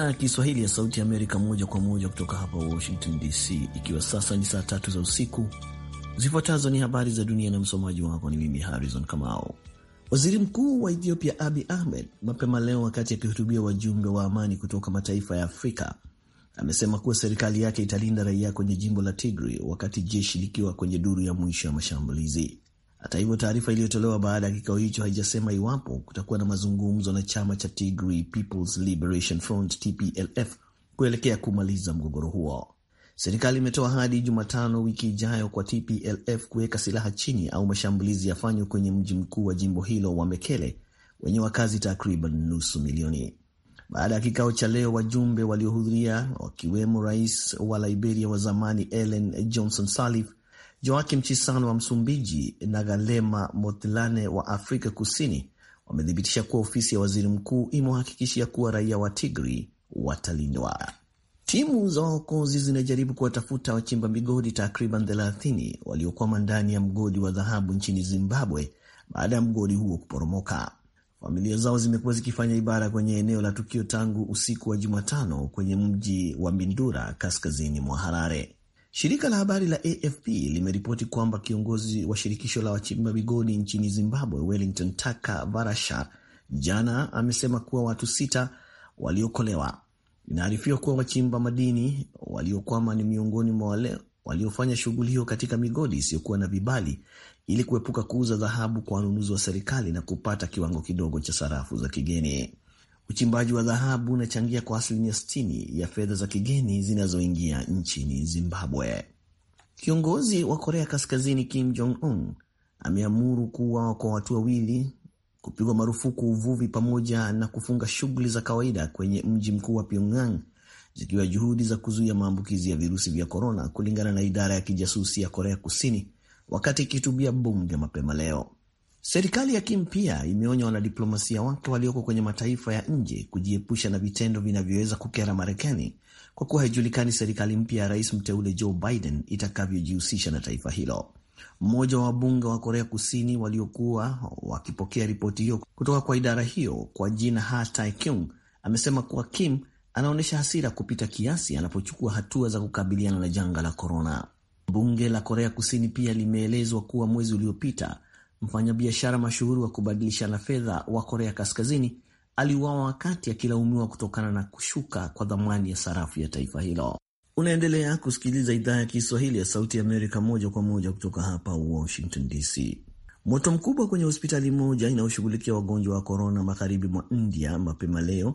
idhaa ya Kiswahili ya Sauti ya Amerika moja kwa moja kutoka hapa Washington DC, ikiwa sasa ni saa tatu za usiku. Zifuatazo ni habari za dunia na msomaji wako ni mimi Harrison Kamao. Waziri Mkuu wa Ethiopia Abiy Ahmed mapema leo, wakati akihutubia wajumbe wa amani kutoka mataifa ya Afrika, amesema kuwa serikali yake italinda raia kwenye jimbo la Tigray wakati jeshi likiwa kwenye duru ya mwisho ya mashambulizi. Hata hivyo, taarifa iliyotolewa baada ya kikao hicho haijasema iwapo kutakuwa na mazungumzo na chama cha Tigray People's Liberation Front TPLF kuelekea kumaliza mgogoro huo. Serikali imetoa hadi Jumatano wiki ijayo kwa TPLF kuweka silaha chini au mashambulizi yafanywe kwenye mji mkuu wa jimbo hilo wa Mekele wenye wakazi takriban nusu milioni. Baada ya kikao cha leo, wajumbe waliohudhuria wakiwemo rais wa Liberia wa zamani Ellen Johnson Sirleaf Joakim mchisano wa Msumbiji na Galema Motlane wa Afrika Kusini wamethibitisha kuwa ofisi ya waziri mkuu imewahakikishia kuwa raia wa Tigri watalindwa. Timu za waokozi zinajaribu kuwatafuta wachimba migodi takriban 30 waliokwama ndani ya mgodi wa dhahabu nchini Zimbabwe baada ya mgodi huo kuporomoka. Familia zao zimekuwa zikifanya ibada kwenye eneo la tukio tangu usiku wa Jumatano kwenye mji wa Mindura kaskazini mwa Harare. Shirika la habari la AFP limeripoti kwamba kiongozi wa shirikisho la wachimba migodi nchini Zimbabwe, Wellington Taka varasha jana amesema kuwa watu sita waliokolewa. Inaarifiwa kuwa wachimba madini waliokwama ni miongoni mwa wale waliofanya shughuli hiyo katika migodi isiyokuwa na vibali ili kuepuka kuuza dhahabu kwa wanunuzi wa serikali na kupata kiwango kidogo cha sarafu za kigeni. Uchimbaji wa dhahabu unachangia kwa asilimia 60 ya fedha za kigeni zinazoingia nchini Zimbabwe. Kiongozi wa Korea Kaskazini Kim Jong Un ameamuru kuwa kwa watu wawili, kupigwa marufuku uvuvi pamoja na kufunga shughuli za kawaida kwenye mji mkuu wa Pyongyang, zikiwa juhudi za kuzuia maambukizi ya virusi vya korona, kulingana na idara ya kijasusi ya Korea Kusini, wakati ikihutubia bunge mapema leo. Serikali ya Kim pia imeonya wanadiplomasia wake walioko kwenye mataifa ya nje kujiepusha na vitendo vinavyoweza kukera Marekani kwa kuwa haijulikani serikali mpya ya rais mteule Joe Biden itakavyojihusisha na taifa hilo. Mmoja wa wabunge wa Korea Kusini waliokuwa wakipokea ripoti hiyo kutoka kwa idara hiyo kwa jina Ha Tae-kyung amesema kuwa Kim anaonyesha hasira kupita kiasi anapochukua hatua za kukabiliana na janga la korona. Bunge la Korea Kusini pia limeelezwa kuwa mwezi uliopita mfanyabiashara mashuhuri wa kubadilishana fedha wa Korea Kaskazini aliuawa wakati akilaumiwa kutokana na kushuka kwa dhamani ya sarafu ya taifa hilo. Unaendelea kusikiliza idhaa ya Kiswahili ya Sauti ya Amerika moja kwa moja kutoka hapa Washington DC. Moto mkubwa kwenye hospitali moja inayoshughulikia wagonjwa wa korona magharibi mwa India mapema leo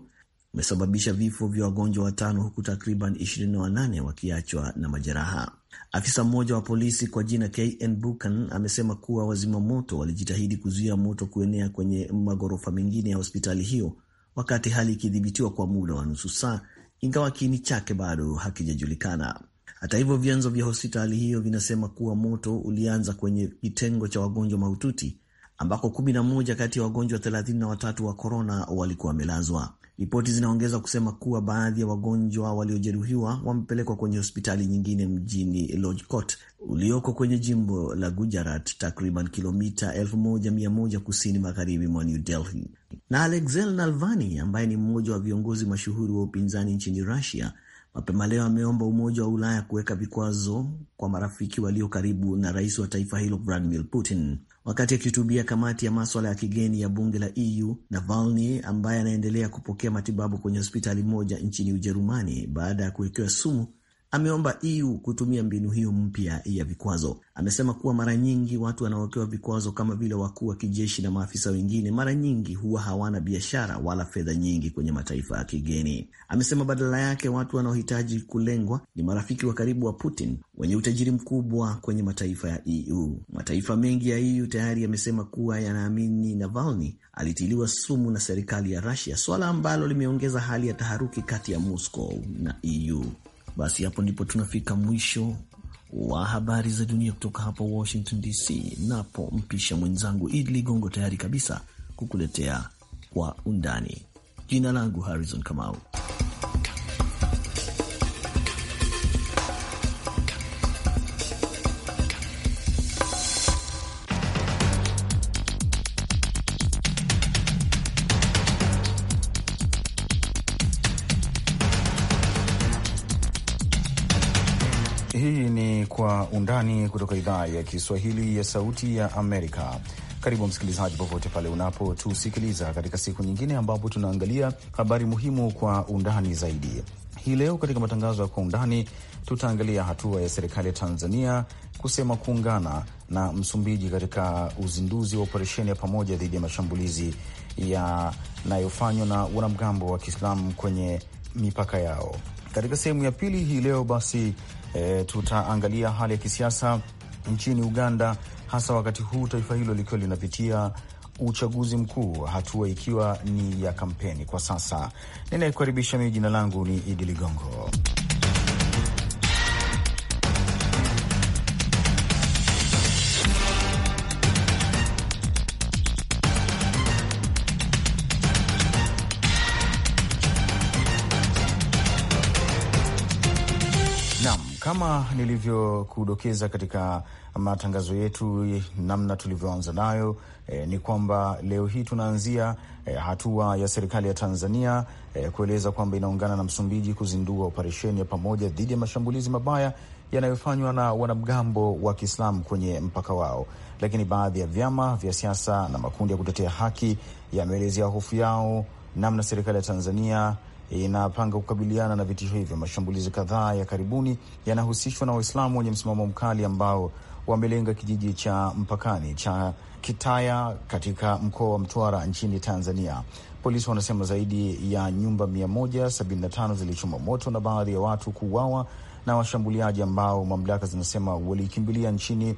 umesababisha vifo vya wagonjwa watano huku takriban 28 na wanane wakiachwa na majeraha. Afisa mmoja wa polisi kwa jina KN Buchan amesema kuwa wazimamoto walijitahidi kuzuia moto kuenea kwenye maghorofa mengine ya hospitali hiyo, wakati hali ikidhibitiwa kwa muda wa nusu saa, ingawa kiini chake bado hakijajulikana. Hata hivyo, vyanzo vya hospitali hiyo vinasema kuwa moto ulianza kwenye kitengo cha wagonjwa mahututi ambako kumi na moja kati ya wagonjwa 33 watatu wa korona walikuwa wamelazwa. Ripoti zinaongeza kusema kuwa baadhi ya wagonjwa waliojeruhiwa wamepelekwa kwenye hospitali nyingine mjini Lojkot ulioko kwenye jimbo la Gujarat, takriban kilomita 1100 kusini magharibi mwa New Delhi. Na Alexei Navalny ambaye ni mmoja wa viongozi mashuhuri wa upinzani nchini Russia mapema leo ameomba Umoja wa Ulaya kuweka vikwazo kwa marafiki walio karibu na rais wa taifa hilo Vladimir Putin. Wakati akihutubia kamati ya maswala ya kigeni ya bunge la EU, Navalny ambaye anaendelea kupokea matibabu kwenye hospitali moja nchini Ujerumani baada ya kuwekewa sumu ameomba EU kutumia mbinu hiyo mpya ya vikwazo. Amesema kuwa mara nyingi watu wanaowekewa vikwazo kama vile wakuu wa kijeshi na maafisa wengine, mara nyingi huwa hawana biashara wala fedha nyingi kwenye mataifa ya kigeni. Amesema badala yake watu wanaohitaji kulengwa ni marafiki wa karibu wa Putin wenye utajiri mkubwa kwenye mataifa ya EU. Mataifa mengi ya EU tayari yamesema kuwa yanaamini Navalny alitiliwa sumu na serikali ya Russia, swala ambalo limeongeza hali ya taharuki kati ya Moscow na EU. Basi hapo ndipo tunafika mwisho wa habari za dunia kutoka hapa Washington DC, napo mpisha mwenzangu Idi Ligongo tayari kabisa kukuletea kwa undani. Jina langu Harrison Kamau. undani kutoka idhaa ya Kiswahili ya Sauti ya Amerika. Karibu msikilizaji, popote pale unapotusikiliza katika siku nyingine ambapo tunaangalia habari muhimu kwa undani zaidi. Hii leo katika matangazo ya kwa undani tutaangalia hatua ya serikali ya Tanzania kusema kuungana na Msumbiji katika uzinduzi wa operesheni ya pamoja dhidi ya mashambulizi yanayofanywa na wanamgambo wa Kiislamu kwenye mipaka yao. Katika sehemu ya pili hii leo basi e, tutaangalia hali ya kisiasa nchini Uganda, hasa wakati huu taifa hilo likiwa linapitia uchaguzi mkuu, hatua ikiwa ni ya kampeni kwa sasa. Ninayekukaribisha mimi, jina langu ni Idi Ligongo. kama nilivyokudokeza katika matangazo yetu, namna tulivyoanza nayo e, ni kwamba leo hii tunaanzia e, hatua ya serikali ya Tanzania e, kueleza kwamba inaungana na Msumbiji kuzindua operesheni ya pamoja dhidi ya mashambulizi mabaya yanayofanywa na wanamgambo wa Kiislamu kwenye mpaka wao. Lakini baadhi ya vyama vya siasa na makundi ya kutetea haki yameelezea hofu yao namna serikali ya Tanzania inapanga kukabiliana na vitisho hivyo. Mashambulizi kadhaa ya karibuni yanahusishwa na Waislamu wenye msimamo mkali ambao wamelenga kijiji cha mpakani cha Kitaya katika mkoa wa Mtwara nchini Tanzania. Polisi wanasema zaidi ya nyumba 175 zilichoma moto na baadhi ya watu kuuawa na washambuliaji ambao mamlaka zinasema walikimbilia nchini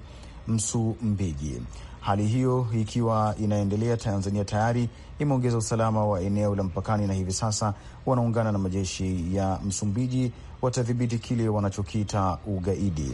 Msumbiji. Hali hiyo ikiwa inaendelea, Tanzania tayari imeongeza usalama wa eneo la mpakani na hivi sasa wanaungana na majeshi ya Msumbiji watadhibiti kile wanachokiita ugaidi.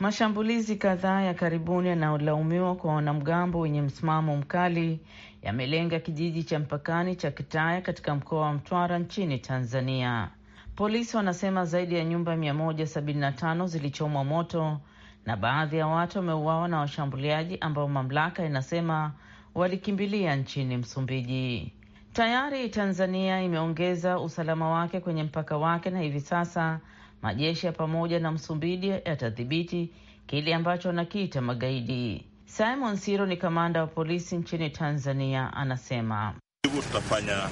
Mashambulizi kadhaa ya karibuni yanayolaumiwa kwa wanamgambo wenye msimamo mkali yamelenga kijiji cha mpakani cha Kitaya katika mkoa wa Mtwara nchini Tanzania. Polisi wanasema zaidi ya nyumba 175 zilichomwa moto na baadhi ya watu wameuawa na washambuliaji ambao mamlaka inasema walikimbilia nchini Msumbiji. Tayari Tanzania imeongeza usalama wake kwenye mpaka wake na hivi sasa majeshi ya pamoja na Msumbiji yatadhibiti kile ambacho wanakiita magaidi. Simon Siro ni kamanda wa polisi nchini Tanzania, anasema hivyo tutafanya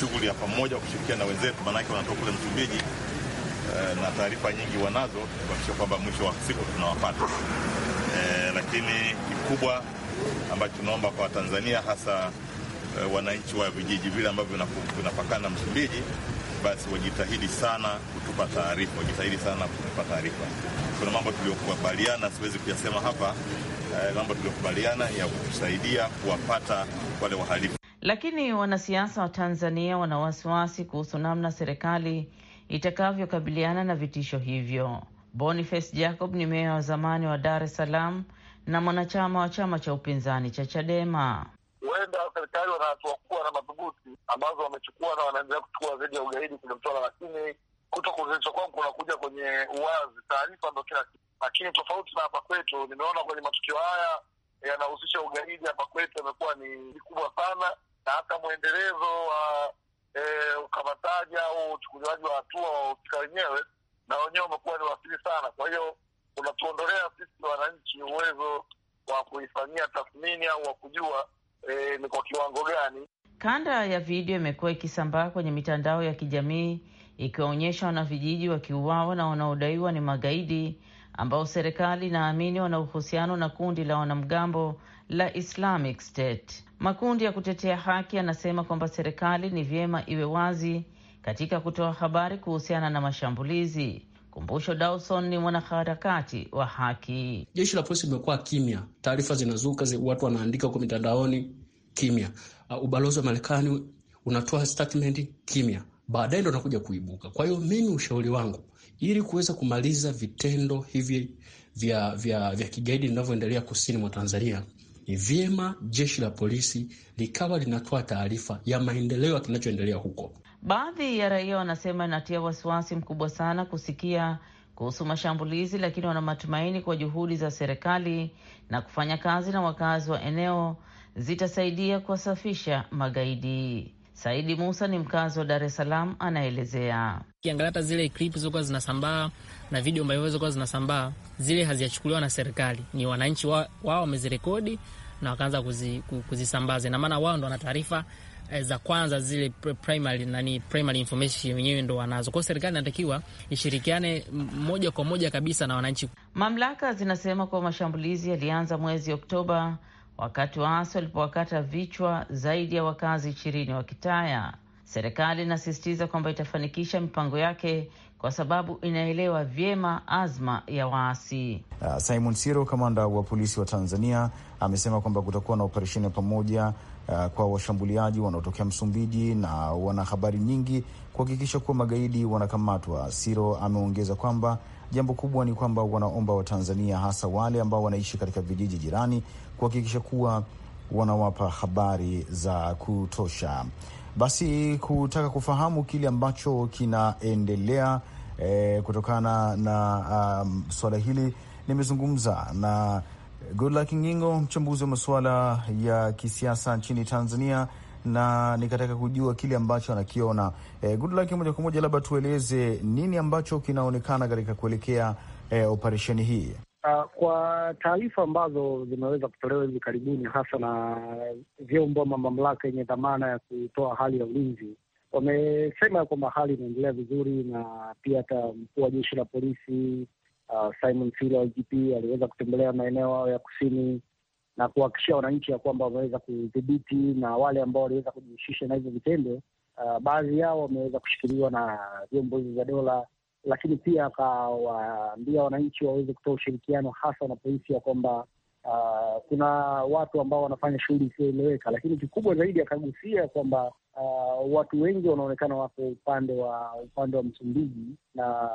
shughuli ya pamoja kwa kushirikiana na wenzetu, maanake wanatoka kule Msumbiji Eh, na taarifa nyingi wanazo kuhakikisha kwamba mwisho wa siku tunawapata. E, lakini kikubwa ambacho tunaomba kwa Watanzania hasa e, wananchi wa vijiji vile ambavyo vinapakana na Msumbiji basi wajitahidi sana kutupa taarifa, wajitahidi sana kutupa taarifa. Kuna mambo tuliyokubaliana, siwezi kuyasema hapa e, mambo tuliyokubaliana ya kutusaidia kuwapata wale wahalifu. Lakini wanasiasa wa Tanzania wana wasiwasi kuhusu namna serikali itakavyokabiliana na vitisho hivyo. Boniface Jacob ni meya wa zamani wa Dar es Salaam na mwanachama wa chama cha upinzani cha Chadema. Huenda serikali wanatuakua na madhubuti ambazo wamechukua na wanaendelea kuchukua zaidi ya ugaidi kwenye mtwala, lakini kuto kuzicha kwangu kunakuja kwenye uwazi. Taarifa ndo kila kitu, lakini tofauti na hapa kwetu, nimeona kwenye matukio haya yanahusisha ugaidi hapa kwetu, yamekuwa ni kubwa sana, na hata mwendelezo wa uh, e, ukamataji au uchukuliwaji wa hatua wa wahusika wenyewe na wenyewe wamekuwa ni wasiri sana. Kwa hiyo unatuondolea sisi wananchi uwezo wa kuifanyia tathmini au wa kujua e, ni kwa kiwango gani. Kanda ya video imekuwa ikisambaa kwenye mitandao ya kijamii ikiwaonyesha wanavijiji wakiuawa na wanaodaiwa ni magaidi ambao serikali inaamini wana uhusiano na kundi la wanamgambo la Islamic State. Makundi ya kutetea haki yanasema kwamba serikali ni vyema iwe wazi katika kutoa habari kuhusiana na mashambulizi. Kumbusho Dawson ni mwanaharakati wa haki. Jeshi la polisi limekuwa kimya, taarifa zinazuka zi, watu wanaandika kwa mitandaoni kimya. Uh, ubalozi wa Marekani unatoa statement kimya, baadaye ndo nakuja kuibuka. Kwa hiyo mimi ushauri wangu ili kuweza kumaliza vitendo hivi vya, vya, vya kigaidi vinavyoendelea kusini mwa Tanzania, ni vyema jeshi la polisi likawa linatoa taarifa ya maendeleo ya kinachoendelea huko. Baadhi ya raia wanasema inatia wasiwasi mkubwa sana kusikia kuhusu mashambulizi, lakini wana matumaini kwa juhudi za serikali na kufanya kazi na wakazi wa eneo zitasaidia kuwasafisha magaidi. Saidi Musa ni mkazi wa Dar es Salaam, anaelezea. Ukiangalia hata zile klip zilizokuwa zinasambaa na video ambavyo zilizokuwa zinasambaa, zile hazijachukuliwa na serikali, ni wananchi wao wamezirekodi na wakaanza kuzisambaza. Ina maana wao ndo wana taarifa eh, za kwanza zile primary, nani, primary information wenyewe ndo wanazo. Kwa serikali inatakiwa ishirikiane moja kwa moja kabisa na wananchi. Mamlaka zinasema kuwa mashambulizi yalianza mwezi Oktoba wakati waasi walipowakata vichwa zaidi ya wakazi ishirini wa Kitaya. Serikali inasisitiza kwamba itafanikisha mipango yake kwa sababu inaelewa vyema azma ya waasi. Uh, Simon Siro, kamanda wa polisi wa Tanzania, amesema kwamba kutakuwa na operesheni ya pamoja uh, kwa washambuliaji wanaotokea Msumbiji na wana habari nyingi kuhakikisha kuwa magaidi wanakamatwa. Siro ameongeza kwamba jambo kubwa ni kwamba wanaomba Watanzania, hasa wale ambao wanaishi katika vijiji jirani, kuhakikisha kuwa wanawapa habari za kutosha. Basi kutaka kufahamu kile ambacho kinaendelea e, kutokana na um, suala hili nimezungumza na Goodluck Ngingo, mchambuzi wa masuala ya kisiasa nchini Tanzania, na nikataka kujua kile ambacho anakiona. E, Goodluck, moja kwa moja, labda tueleze nini ambacho kinaonekana katika kuelekea e, operesheni hii. Uh, kwa taarifa ambazo zimeweza kutolewa hivi karibuni hasa na vyombo ama mamlaka yenye dhamana ya kutoa hali ya ulinzi, wamesema kwamba hali inaendelea vizuri, na pia hata mkuu wa jeshi la polisi uh, Simon Sirleaf IGP aliweza kutembelea maeneo hayo ya kusini na kuhakikishia wananchi ya kwamba wameweza kudhibiti, na wale ambao waliweza kujihusisha na hivyo vitendo uh, baadhi yao wameweza kushikiliwa na vyombo hivi vya dola lakini pia akawaambia wananchi waweze kutoa ushirikiano, hasa wanapohisi ya kwamba uh, kuna watu ambao wanafanya shughuli isiyoeleweka. Lakini kikubwa zaidi akagusia kwamba uh, watu wengi wanaonekana wako upande wa upande wa Msumbiji, na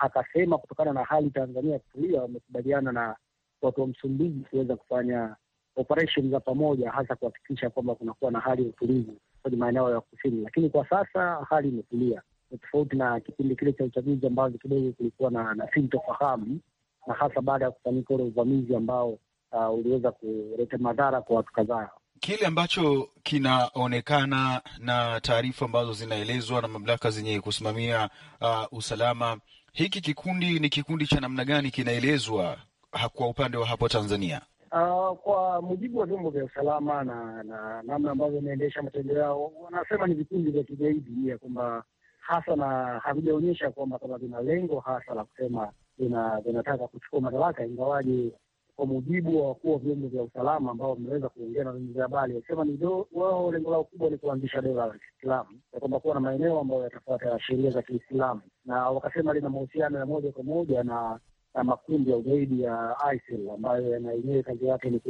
akasema kutokana na hali Tanzania kutulia, wamekubaliana na watu wa Msumbiji kuweza kufanya operesheni za pamoja, hasa kuhakikisha kwamba kunakuwa na hali ya utulivu kwenye maeneo ya kusini, lakini kwa sasa hali imetulia tofauti na kipindi kile cha uchaguzi ambazo kidogo kulikuwa na, na sintofahamu na hasa baada ya kufanyika ule uvamizi ambao uh, uliweza kuleta madhara kwa watu kadhaa. Kile ambacho kinaonekana na taarifa ambazo zinaelezwa na mamlaka zenye kusimamia uh, usalama, hiki kikundi ni kikundi cha namna gani kinaelezwa kwa upande wa hapo Tanzania? Uh, kwa mujibu wa vyombo vya usalama na namna na, ambavyo inaendesha matendo yao, wanasema ni vikundi vya kigaidi, ya kwamba hasa na havijaonyesha kwamba kama vina lengo hasa la kusema vinataka kuchukua madaraka, ingawaji kwa mujibu wa wakuu wa vyombo vya usalama ambao wameweza kuongea na vyombo vya habari wakisema ni wao lengo lao kubwa ni kuanzisha dola la Kiislamu, ya kwamba kuwa na maeneo ambayo yatafuata sheria za Kiislamu, na wakasema lina mahusiano ya moja kwa moja na na makundi ya ugaidi ya ISIL ambayo yanaenyewe yenyewe kazi yake ni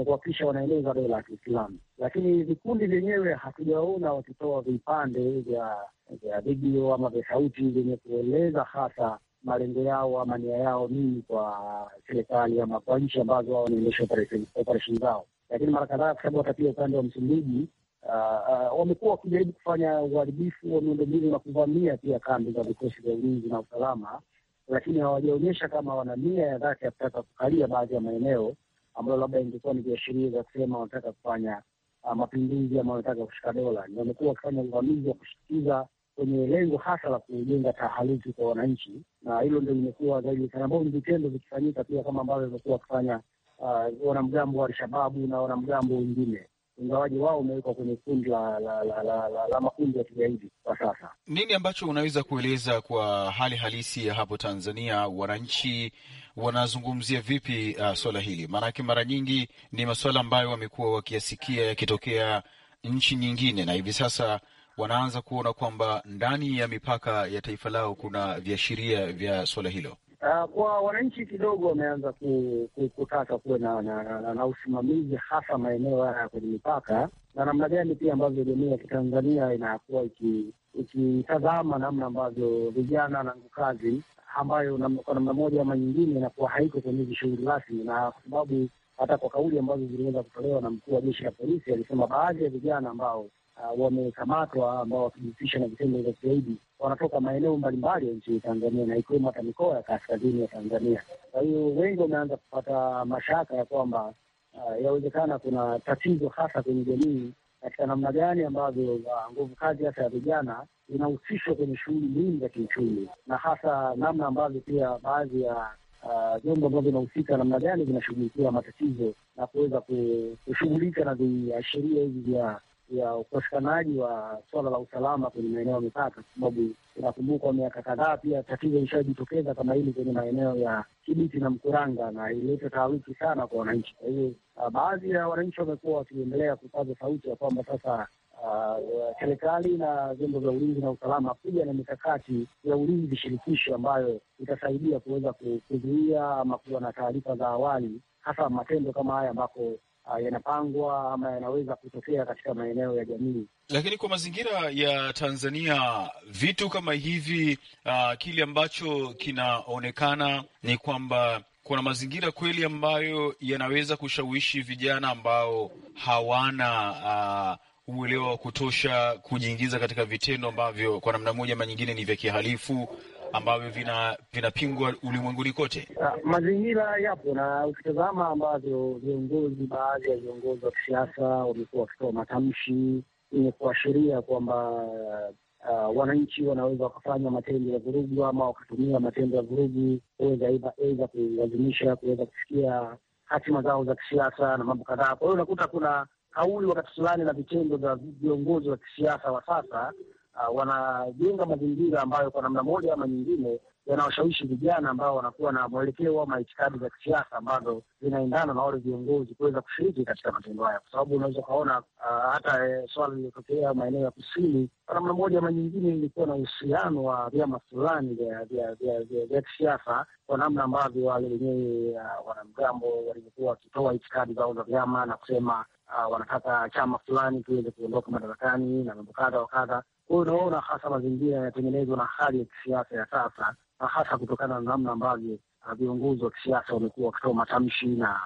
na kuhakikisha wanaeneza dola ya Kiislamu, lakini vikundi vyenyewe hatujaona wakitoa vipande vya video ama vya sauti vyenye kueleza hasa malengo yao ama nia yao nini kwa serikali ama kwa nchi ambazo wao wanaendesha operesheni zao. Lakini mara kadhaa, kwa sababu hata pia upande wa Msumbiji uh, uh, wamekuwa wakijaribu kufanya uharibifu wa miundombinu na kuvamia pia kambi za vikosi vya ulinzi na usalama, lakini hawajaonyesha kama wana nia ya dhati ya kutaka kukalia baadhi ya maeneo ambayo labda ingekuwa ni viashiria za kusema wanataka kufanya ah, mapinduzi ama wanataka kushika dola. Ndio wamekuwa wakifanya uvamizi wa kushtukiza kwenye lengo hasa la kujenga taharuki kwa wananchi, na hilo ndio limekuwa zaidi sana, ambao ni vitendo vikifanyika pia kama ambavyo wamekuwa wakifanya uh, wanamgambo wa Alshababu na wanamgambo wengine ingawaji wao umewekwa kwenye kundi la, la, la, la, la, la makundi ya kigaidi kwa sasa. Nini ambacho unaweza kueleza kwa hali halisi ya hapo Tanzania, wananchi wanazungumzia vipi uh, swala hili? Maanake mara nyingi ni masuala ambayo wamekuwa wakiyasikia yakitokea nchi nyingine, na hivi sasa wanaanza kuona kwamba ndani ya mipaka ya taifa lao kuna viashiria vya, swala hilo. Uh, kwa wananchi kidogo wameanza kutaka kuwe na, na, na, na, na usimamizi hasa maeneo haya kwenye mipaka na namna gani pia ambavyo jamii ya Kitanzania inakuwa iki ikitazama namna ambavyo vijana na nguvu kazi ambayo kwa namna moja ama nyingine inakuwa haiko kwenye hizi shughuli rasmi, na kwa sababu hata kwa kauli ambazo ziliweza kutolewa na mkuu wa jeshi la polisi alisema baadhi ya vijana ambao uh, wamekamatwa ambao wakijihusisha na vitendo vya kigaidi wanatoka maeneo mbalimbali ya nchini Tanzania na ikiwemo hata mikoa ya kaskazini ya Tanzania. Kwa hiyo wengi wameanza kupata mashaka ya kwamba uh, yawezekana kuna tatizo hasa kwenye jamii katika namna gani ambavyo ah, nguvu kazi hasa ya vijana inahusishwa kwenye shughuli nyingi za kiuchumi, na hasa namna ambavyo pia baadhi ya ah, vyombo uh, ambavyo vinahusika namna gani vinashughulikia matatizo na kuweza kushughulika na viashiria hivi vya ya upatikanaji wa suala la usalama kwenye maeneo ya mipaka, kwa sababu inakumbukwa miaka kadhaa pia tatizo ilishajitokeza kama hili kwenye maeneo ya Kibiti na Mkuranga na ilileta taharuki sana kwa wananchi. Kwa hiyo ah, baadhi ya wananchi wamekuwa wakiendelea kupaza sauti ya kwamba sasa ah, serikali uh, na vyombo vya ulinzi na usalama kuja na mikakati ya ulinzi shirikishi ambayo itasaidia kuweza kuzuia ama kuwa na taarifa za awali hasa matendo kama haya ambako Ah, yanapangwa ama yanaweza kutokea katika maeneo ya jamii. Lakini kwa mazingira ya Tanzania vitu kama hivi uh, kile ambacho kinaonekana ni kwamba kuna mazingira kweli ambayo yanaweza kushawishi vijana ambao hawana uh, uelewa wa kutosha kujiingiza katika vitendo ambavyo kwa namna moja ama nyingine ni vya kihalifu ambavyo vinapingwa vina ulimwenguni kote. Ah, mazingira yapo, na ukitazama ambavyo viongozi, baadhi ya viongozi wa kisiasa wamekuwa wakitoa matamshi yenye kuashiria kwamba Uh, wananchi wanaweza wakafanya matendo ya vurugu ama wakatumia matendo ya vurugu kuweza aidha kulazimisha kuweza kufikia hatima zao za kisiasa na mambo kadhaa. Kwa hiyo unakuta kuna kauli wakati fulani na vitendo vya viongozi wa kisiasa wa sasa uh, wanajenga mazingira ambayo kwa namna moja ama nyingine yanawashawishi vijana ambao wanakuwa na mwelekeo ama itikadi za kisiasa ambazo zinaendana na wale viongozi kuweza kushiriki katika matendo haya, kwa sababu unaweza ukaona uh, hata e, swala lililotokea maeneo ya kusini kwa namna moja ama nyingine ilikuwa na uhusiano wa vyama fulani vya kisiasa kwa namna ambavyo wale wenyewe uh, wanamgambo walivyokuwa wakitoa itikadi zao za vyama na kusema uh, wanataka chama fulani kiweze kuondoka madarakani na mambo kadha wa kadha. Kwa unaona hasa mazingira yanatengenezwa na hali ya kisiasa ya sasa, na hasa kutokana na namna ambavyo uh, viongozi wa kisiasa wamekuwa wakitoa matamshi na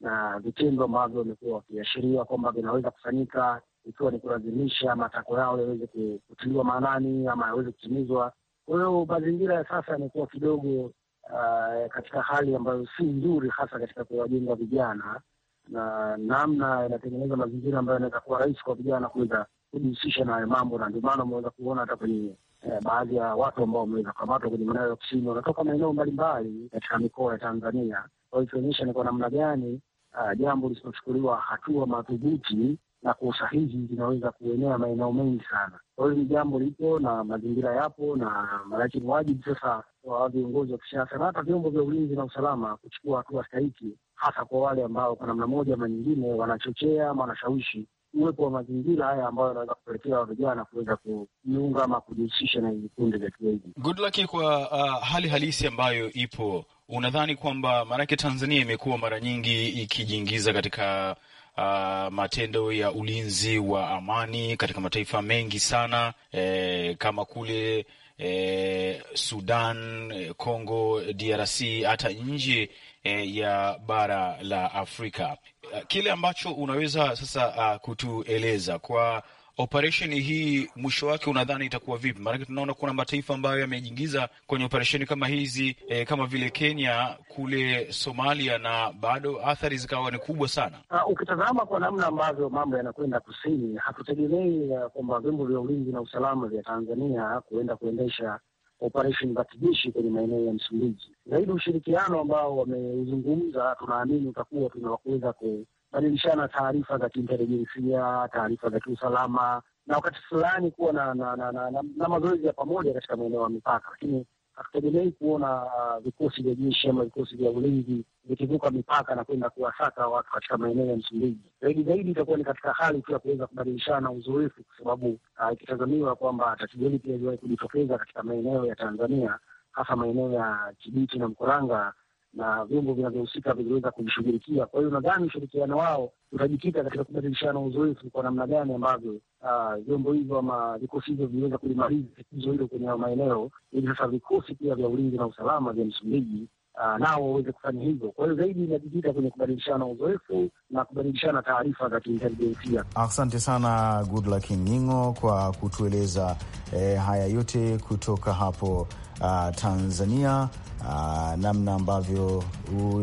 na vitendo ambavyo wamekuwa wakiashiria kwamba vinaweza kufanyika, ikiwa ni kulazimisha matakwa yao yaweze kutiliwa maanani ama yaweze kutimizwa. Kwa hiyo mazingira ya sasa yamekuwa kidogo Uh, katika hali ambayo si nzuri hasa katika kuwajenga vijana na namna yanatengeneza mazingira ambayo yanaweza kuwa rahisi kwa vijana kuweza kujihusisha na hayo mambo, na ndio maana umeweza kuona hata kwenye eh, baadhi ya watu ambao wameweza kukamatwa kwenye maeneo ya kusini wanatoka maeneo mbalimbali katika mikoa ya Tanzania, kwa ikionyesha ni kwa namna gani uh, jambo lisipochukuliwa hatua madhubuti na kwa usahihi linaweza kuenea maeneo mengi sana. Kwa hiyo ni jambo lipo na mazingira yapo, na malaki ni wajibu sasa wa viongozi wa kisiasa na hata vyombo vya ulinzi na usalama kuchukua hatua stahiki, hasa kwa wale ambao kwa namna moja ama nyingine wanachochea ama wanashawishi uwepo wa mazingira haya ambayo yanaweza kupelekea vijana kuweza kujiunga ama kujihusisha na vikundi vya kigaidi. Good luck kwa uh, hali halisi ambayo ipo, unadhani kwamba maanake Tanzania imekuwa mara nyingi ikijiingiza katika Uh, matendo ya ulinzi wa amani katika mataifa mengi sana eh, kama kule eh, Sudan, eh, Congo, DRC hata nje eh, ya bara la Afrika. Eh, kile ambacho unaweza sasa uh, kutueleza kwa operesheni hii mwisho wake unadhani itakuwa vipi? Maanake tunaona kuna mataifa ambayo yamejiingiza kwenye operesheni kama hizi e, kama vile Kenya kule Somalia, na bado athari zikawa ni kubwa sana. Uh, ukitazama kwa namna ambavyo mambo yanakwenda kusini, hatutegemei uh, kwamba vyombo vya ulinzi na usalama vya Tanzania kuenda kuendesha operesheni za kijeshi kwenye maeneo ya Msumbiji. Na hili ushirikiano ambao wameuzungumza, tunaamini utakuwa tunaweza kubadilishana taarifa za kiintelijensia, taarifa za kiusalama na wakati fulani kuwa na na, na, na, na, na mazoezi ya pamoja katika maeneo ya mipaka, lakini hatutegemei kuona uh, vikosi vya jeshi ama vikosi vya ulinzi vikivuka mipaka na kwenda kuwasaka watu katika maeneo ya Msumbiji. Zaidi zaidi itakuwa ni katika hali tu ya kuweza kubadilishana uzoefu, kwa sababu uh, ikitazamiwa kwamba tatizo hili pia iliwahi kujitokeza katika maeneo ya Tanzania, hasa maeneo ya Kibiti na Mkuranga na vyombo vinavyohusika vingeweza kumshughulikia. Kwa hiyo nadhani ushirikiano wao utajikita katika kubadilishana uzoefu kwa namna gani ambavyo ah, vyombo hivyo ama vikosi hivyo viliweza kulimaliza tatizo hilo kwenye hayo maeneo, ili sasa vikosi pia vya ulinzi na usalama vya Msumbiji ah, nao waweze kufanya hivyo. Kwa hiyo zaidi inajikita kwenye kubadilishana uzoefu na kubadilishana taarifa za kiintelijensia. Asante sana Goodluck Ng'ing'o kwa kutueleza eh, haya yote kutoka hapo uh, Tanzania uh, namna ambavyo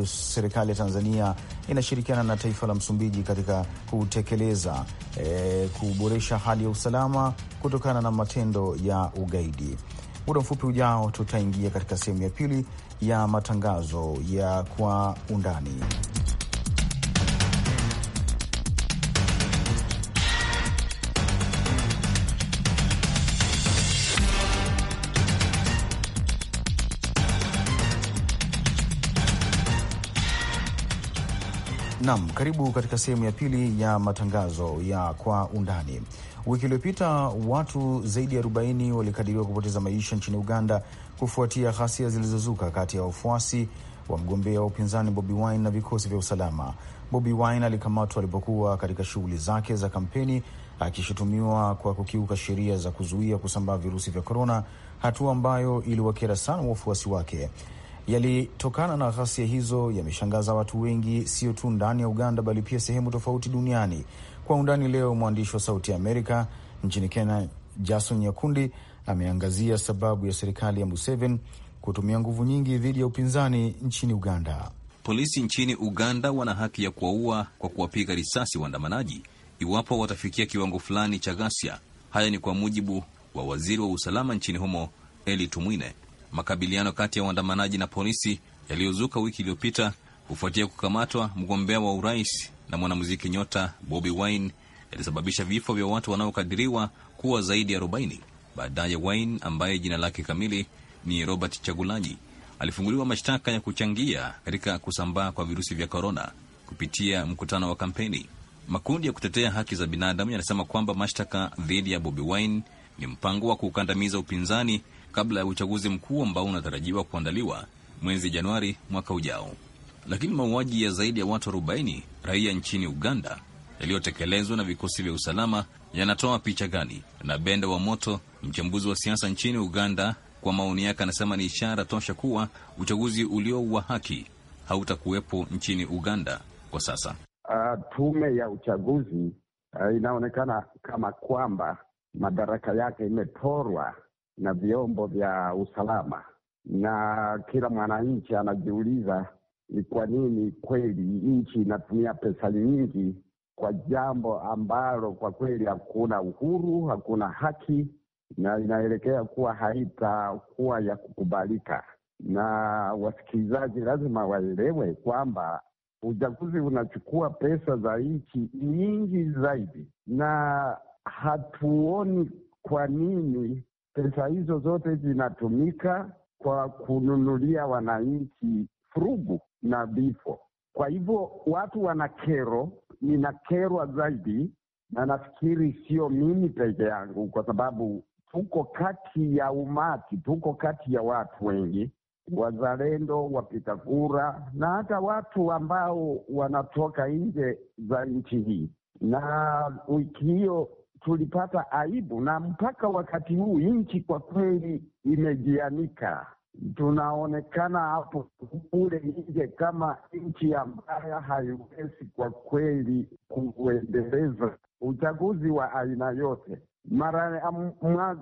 serikali ya Tanzania inashirikiana na taifa la Msumbiji katika kutekeleza eh, kuboresha hali ya usalama kutokana na matendo ya ugaidi. Muda mfupi ujao tutaingia katika sehemu ya pili ya matangazo ya kwa undani. Nam, karibu katika sehemu ya pili ya matangazo ya kwa undani. Wiki iliyopita watu zaidi ya 40 walikadiriwa kupoteza maisha nchini Uganda kufuatia ghasia zilizozuka kati ya wafuasi wa mgombea wa upinzani Bobi Wine na vikosi vya usalama. Bobi Wine alikamatwa alipokuwa katika shughuli zake za kampeni akishutumiwa kwa kukiuka sheria za kuzuia kusambaa virusi vya korona, hatua ambayo iliwakera sana wafuasi wake yalitokana na ghasia hizo yameshangaza watu wengi, sio tu ndani ya Uganda bali pia sehemu tofauti duniani. Kwa undani leo, mwandishi wa Sauti ya Amerika nchini Kenya Jason Nyakundi ameangazia sababu ya serikali ya Museveni kutumia nguvu nyingi dhidi ya upinzani nchini Uganda. Polisi nchini Uganda wana haki ya kuwaua kwa kuwapiga risasi waandamanaji iwapo watafikia kiwango fulani cha ghasia. Haya ni kwa mujibu wa waziri wa usalama nchini humo Eli Tumwine makabiliano kati ya waandamanaji na polisi yaliyozuka wiki iliyopita kufuatia kukamatwa mgombea wa urais na mwanamuziki nyota Bobi Wine yalisababisha vifo vya watu wanaokadiriwa kuwa zaidi ya 40. Baadaye Wine ambaye jina lake kamili ni Robert Chagulanyi alifunguliwa mashtaka ya kuchangia katika kusambaa kwa virusi vya korona kupitia mkutano wa kampeni. Makundi ya kutetea haki za binadamu yanasema kwamba mashtaka dhidi ya Bobi Wine ni mpango wa kuukandamiza upinzani kabla ya uchaguzi mkuu ambao unatarajiwa kuandaliwa mwezi Januari mwaka ujao. Lakini mauaji ya zaidi ya watu 40 raia nchini Uganda yaliyotekelezwa na vikosi vya usalama yanatoa picha gani? Na Benda wa Moto, mchambuzi wa siasa nchini Uganda, kwa maoni yake anasema ni ishara tosha kuwa uchaguzi ulio wa haki hautakuwepo nchini Uganda kwa sasa. Uh, tume ya uchaguzi uh, inaonekana kama kwamba madaraka yake imeporwa na vyombo vya usalama, na kila mwananchi anajiuliza ni kwa nini kweli nchi inatumia pesa nyingi kwa jambo ambalo kwa kweli hakuna uhuru, hakuna haki na inaelekea kuwa haitakuwa ya kukubalika. Na wasikilizaji lazima waelewe kwamba uchaguzi unachukua pesa za nchi nyingi zaidi, na hatuoni kwa nini Pesa hizo zote zinatumika kwa kununulia wananchi furugu na vifo. Kwa hivyo watu wana kero, ninakerwa zaidi, na nafikiri sio mimi peke yangu, kwa sababu tuko kati ya umati, tuko kati ya watu wengi, wazalendo, wapiga kura na hata watu ambao wanatoka nje za nchi hii. Na wiki hiyo tulipata aibu, na mpaka wakati huu nchi kwa kweli imejianika tunaonekana hapo kule nje kama nchi ambayo haiwezi kwa kweli kuendeleza uchaguzi wa aina yote. Mara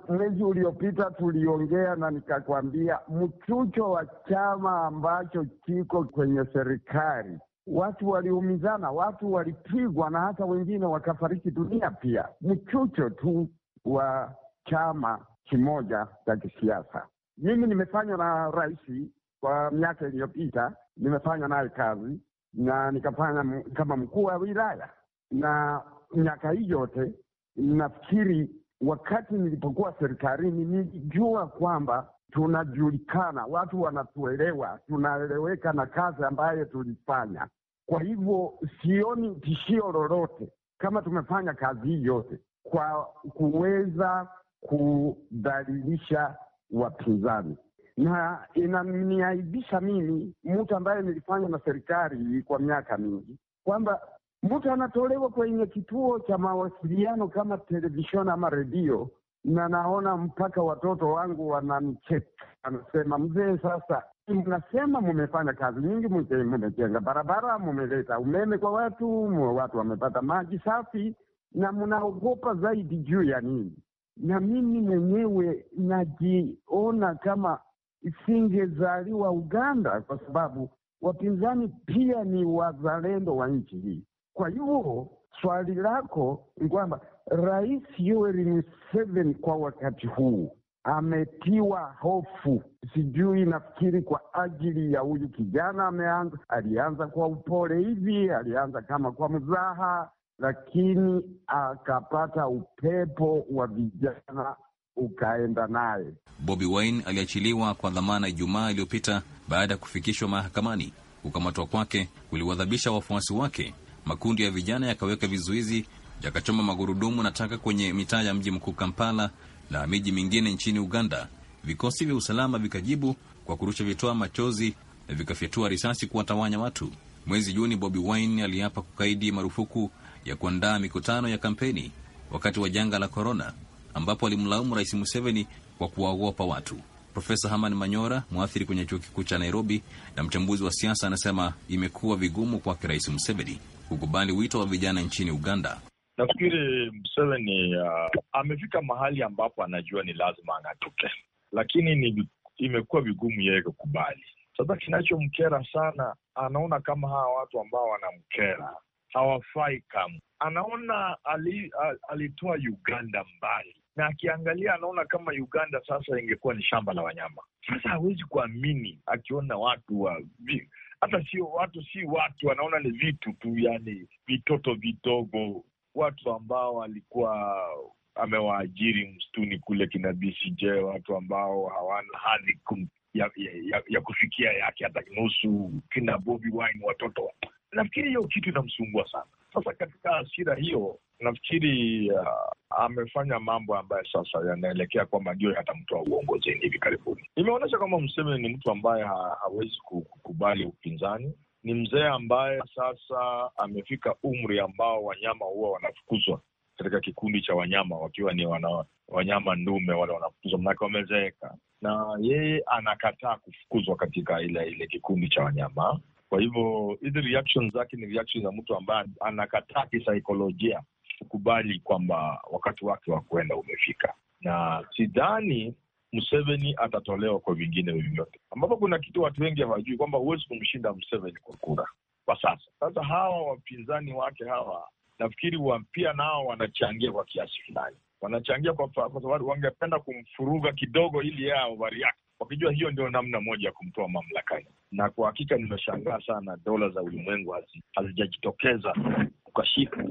mwezi uliopita tuliongea na nikakwambia mchucho wa chama ambacho kiko kwenye serikali watu waliumizana, watu walipigwa na hata wengine wakafariki dunia pia, mchucho tu wa chama kimoja cha kisiasa. Mimi nimefanywa na rais kwa miaka iliyopita, nimefanywa naye kazi na nikafanya kama mkuu wa wilaya, na miaka hii yote nafikiri, wakati nilipokuwa serikalini nilijua kwamba tunajulikana, watu wanatuelewa, tunaeleweka na kazi ambayo tulifanya. Kwa hivyo sioni tishio lolote kama tumefanya kazi hii yote kwa kuweza kudhalilisha wapinzani, na inaniaibisha mimi, mtu ambaye nilifanya na serikali kwa miaka mingi, kwamba mtu anatolewa kwenye kituo cha mawasiliano kama televisheni ama redio na naona mpaka watoto wangu wananicheka, anasema mzee, sasa mnasema mumefanya kazi nyingi, mumejenga barabara, mumeleta umeme kwa watu, watu wamepata maji safi, na mnaogopa zaidi juu ya nini? Na mimi mwenyewe najiona kama isingezaliwa Uganda, kwa sababu wapinzani pia ni wazalendo wa nchi hii. Kwa hivyo swali lako ni kwamba Rais Yoweri Museveni kwa wakati huu ametiwa hofu, sijui nafikiri kwa ajili ya huyu kijana. Ameanza, alianza kwa upole hivi, alianza kama kwa mzaha, lakini akapata upepo wa vijana ukaenda naye. Bobi Wine aliachiliwa kwa dhamana Ijumaa iliyopita baada ya kufikishwa mahakamani. Kukamatwa kwake kuliwadhabisha wafuasi wake. Makundi ya vijana yakaweka vizuizi yakachoma magurudumu na taka kwenye mitaa ya mji mkuu Kampala na miji mingine nchini Uganda. Vikosi vya usalama vikajibu kwa kurusha vitoa machozi na vikafyatua risasi kuwatawanya watu. Mwezi Juni, Bobi Wine aliapa kukaidi marufuku ya kuandaa mikutano ya kampeni wakati wa janga la korona, ambapo alimlaumu Rais Museveni kwa kuwaogopa watu. Profesa haman Manyora, mwathiri kwenye chuo kikuu cha Nairobi na mchambuzi wa siasa, anasema imekuwa vigumu kwake Rais Museveni kukubali wito wa vijana nchini Uganda Nafikiri Museveni uh, amefika mahali ambapo anajua ni lazima ang'atuke, lakini ni, imekuwa vigumu yeye kukubali. Sasa kinachomkera sana, anaona kama hawa watu ambao wanamkera hawafai kamwe. Anaona ali, al, alitoa Uganda mbali na akiangalia anaona kama Uganda sasa ingekuwa ni shamba la wanyama. Sasa hawezi kuamini akiona watu wa hata sio watu si watu, anaona ni vitu tu, yani vitoto vidogo watu ambao alikuwa amewaajiri msituni kule kina BCJ, watu ambao hawana hadhi ya, ya, ya kufikia yake hata nusu, kina Bobi Wine, watoto. Nafikiri hiyo kitu inamsumbua sana. Sasa katika asira hiyo, nafikiri uh, amefanya mambo ambayo sasa yanaelekea kwamba ndio yatamtoa uongozini hivi karibuni. Imeonyesha kwamba Museveni ni mtu ambaye ha, hawezi kukubali upinzani ni mzee ambaye sasa amefika umri ambao wanyama huwa wanafukuzwa katika kikundi cha wanyama, wakiwa ni wana, wanyama ndume wale wanafukuzwa, manake wamezeeka, na yeye anakataa kufukuzwa katika ile ile kikundi cha wanyama. Kwa hivyo hizi reaction zake ni reaction za mtu ambaye anakataa kisaikolojia kukubali kwamba wakati wake wa kuenda umefika, na sidhani Museveni atatolewa kwa vingine vyovyote, ambapo kuna kitu watu wengi hawajui kwamba huwezi kumshinda Museveni kwa kura kwa sasa. Sasa hawa wapinzani wake hawa nafikiri pia nao wanachangia kwa kiasi fulani, wanachangia kwa, kwa sababu wangependa kumfuruga kidogo, ili yeye avari wakijua hiyo ndio namna moja ya kumtoa mamlakani. Na kwa hakika nimeshangaa sana, dola za ulimwengu hazijajitokeza kukashifu,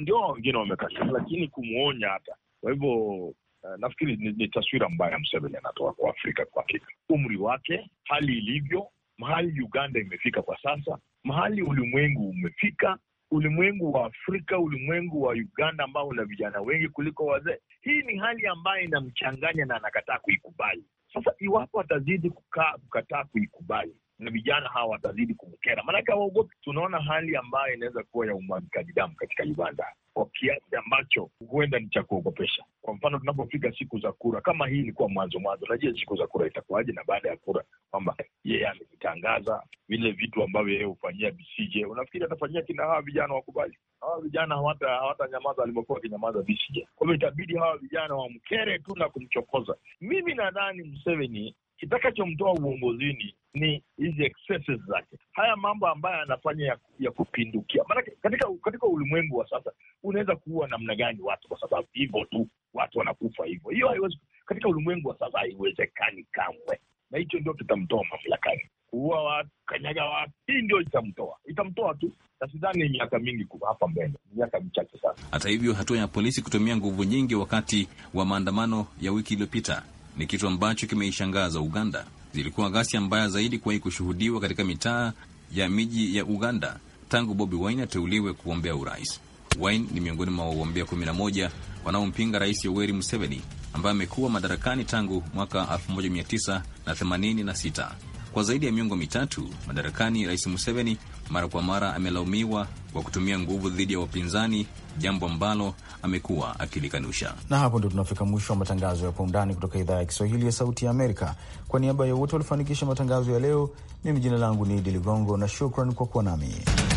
ndio wengine wamekashifu, lakini kumwonya hata kwa hivyo nafkiri eh, nafikiri ni, ni taswira mbaya Mseveni anatoa kwa Afrika kwa hakika, umri wake, hali ilivyo, mahali Uganda imefika kwa sasa, mahali ulimwengu umefika ulimwengu wa Afrika, ulimwengu wa Uganda ambao una vijana wengi kuliko wazee. Hii ni hali ambayo inamchanganya na anakataa kuikubali. Sasa iwapo atazidi kukaa kukataa kuikubali, na vijana hawa watazidi kumkera, maanake hawaogopi. Tunaona hali ambayo inaweza kuwa ya umwagikaji damu katika Uganda kwa kiasi ambacho huenda ni cha kuogopesha. Kwa mfano, tunapofika siku za kura, kama hii ilikuwa mwanzo mwanzo, najua siku za kura itakuwaje, na baada ya kura kwamba yeye amejitangaza, vile vitu ambavyo yeye hufanyia Bisije, unafikiri atafanyia kina hawa vijana wakubali? Hawa vijana hawatanyamaza alivyokuwa wakinyamaza Bisije. Kwa hivyo itabidi hawa vijana wamkere tu na kumchokoza. Mimi nadhani Mseveni kitakachomtoa uongozini ni hizi excesses zake, haya mambo ambayo anafanya ya, ya kupindukia. Maanake katika, katika ulimwengu wa sasa unaweza kuua namna gani watu kwa sababu hivyo tu watu wanakufa hivyo? Hiyo haiwezi katika ulimwengu wa sasa haiwezekani kamwe, na hicho ndio kitamtoa mamlakani. Kuua watu, kanyaga watu, hii ndio itamtoa, itamtoa tu na sidhani miaka mingi hapa mbele, miaka michache sana. Hata hivyo, hatua ya polisi kutumia nguvu nyingi wakati wa maandamano ya wiki iliyopita ni kitu ambacho kimeishangaza Uganda. Zilikuwa ghasia mbaya zaidi kuwahi kushuhudiwa katika mitaa ya miji ya Uganda tangu Bobi Wine ateuliwe kuombea urais. Wine ni miongoni mwa wagombea 11 wanaompinga Rais Yoweri Museveni ambaye amekuwa madarakani tangu mwaka 1986. Kwa zaidi ya miongo mitatu madarakani, Rais Museveni mara kwa mara amelaumiwa kwa kutumia nguvu dhidi ya wapinzani, jambo ambalo amekuwa akilikanusha. Na hapo ndo tunafika mwisho wa matangazo ya Kwa Undani kutoka idhaa ya Kiswahili ya Sauti ya Amerika. Kwa niaba ya wote walifanikisha matangazo ya leo, mimi jina langu ni Idi Ligongo na shukran kwa kuwa nami.